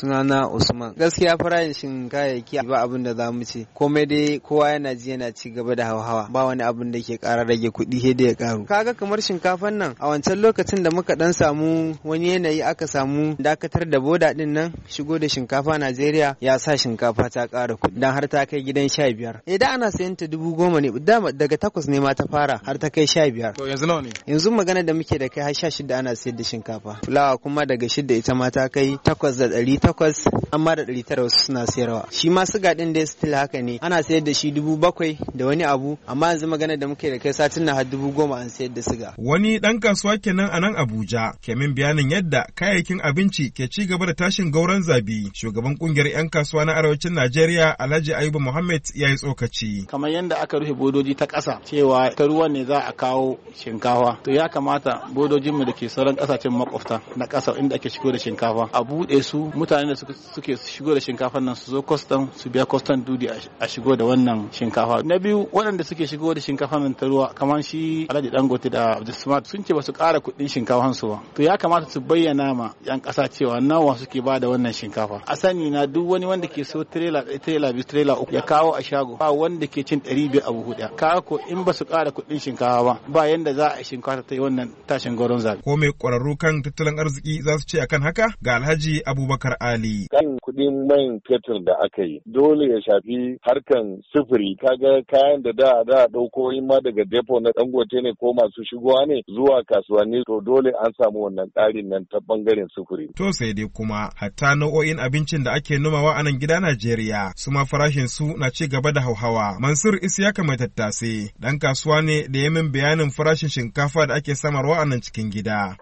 sunana Usman. Gaskiya shin kayayyaki ba abin da mu ce. Komai dai kowa yana ji yana ci gaba da hauhawa. Ba wani abin da ke ƙara rage kuɗi sai da ya ƙaru. Kaga kamar shinkafan nan a wancan lokacin da muka dan samu wani yanayi aka samu dakatar da boda din nan shigo da shinkafa Najeriya ya sa shinkafa ta ƙara kuɗi dan har ta kai gidan sha biyar. Idan eh, ana sayan ta dubu goma ne daga takwas ne ma ta fara har ta kai sha biyar. To yanzu nawa ne? Yanzu magana da muke da kai har sha shida ana sayar da shinkafa. Fulawa kuma daga shida ita ma ta kai takwas da ɗari takwas an mara ɗari tara wasu suna sayarwa shi ma siga ɗin ya still haka ne ana sayar da shi dubu bakwai da wani abu amma yanzu magana da muke da kai satin na har dubu goma an sayar da siga. wani ɗan kasuwa kenan a nan abuja kemin biyanin bayanin yadda kayayyakin abinci ke ci gaba da tashin gauran zabi shugaban kungiyar 'yan kasuwa na arewacin najeriya alhaji ayuba muhammad ya yi tsokaci. kamar yadda aka rufe bodoji ta ƙasa cewa ta ruwa ne za a kawo shinkafa to ya kamata bodojinmu da ke sauran ƙasashen makwabta na ƙasa inda ake shigo da shinkafa a buɗe su mutane mutane da suke shigo da shinkafa nan su zo kwastam su biya kwastam dudi a shigo da wannan shinkafa na biyu waɗanda suke shigo da shinkafa nan ta ruwa kamar shi alhaji dangote da sma sun ce ba su kara kuɗin shinkafa su ba to ya kamata su bayyana ma yan ƙasa cewa nawa suke ba da wannan shinkafa a sani na duk wani wanda ke so tirela ɗaya tirela biyu tirela uku ya kawo a shago ba wanda ke cin ɗari a abu huɗu kawo ko in ba su ƙara kuɗin shinkafa ba ba yanda za a yi shinkafa ta yi wannan tashin goron zabi. ko mai ƙwararru kan tattalin arziki za su ce akan haka ga alhaji abubakar hali. Kan kuɗin man fetur da aka yi dole ya shafi harkan sufuri kaga kayan da da da ɗauko in ma daga depo na ɗangote ne ko masu shigowa ne zuwa kasuwanni to dole an samu wannan ƙarin nan ta ɓangaren sufuri. To sai dai kuma hatta nau'o'in abincin da ake nomawa a nan gida Najeriya su ma farashin su na ci gaba da hauhawa. Mansur Isiyaka mai tattasai dan kasuwa ne da ya min bayanin farashin shinkafa da ake samarwa a nan cikin gida.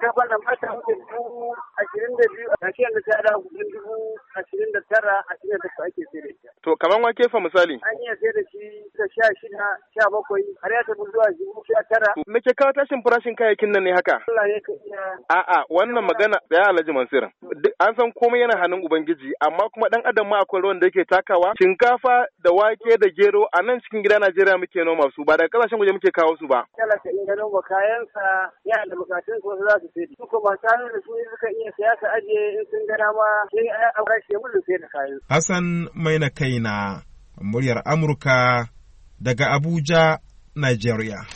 shinkafa fara mata wuce dubu ashirin da biyu a kashiyar da ta da dubu ashirin da tara ashirin da ta ake sai da ita. To kaman wake fa misali. An iya sai da shi da sha shida sha bakwai har ya tafi zuwa shi sha tara. Me ke kawo tashin farashin kayayyakin nan ne haka? Allah ya ka iya. A'a wannan magana da ya Alhaji Mansur. An san komai yana hannun Ubangiji amma kuma dan adam ma akwai ruwan da yake takawa. Shinkafa da wake da gero a nan cikin gida Najeriya muke noma su ba daga kasashen waje muke kawo su ba. inga nan ba, kayan sa yana da bukatun su za su sai. Su kuma tare da su suka iya siyasa ajiye in sun gana ma sai a kashe mun sai da kayan. Hassan mai na Raina, muryar Amurka daga Abuja, Nigeria.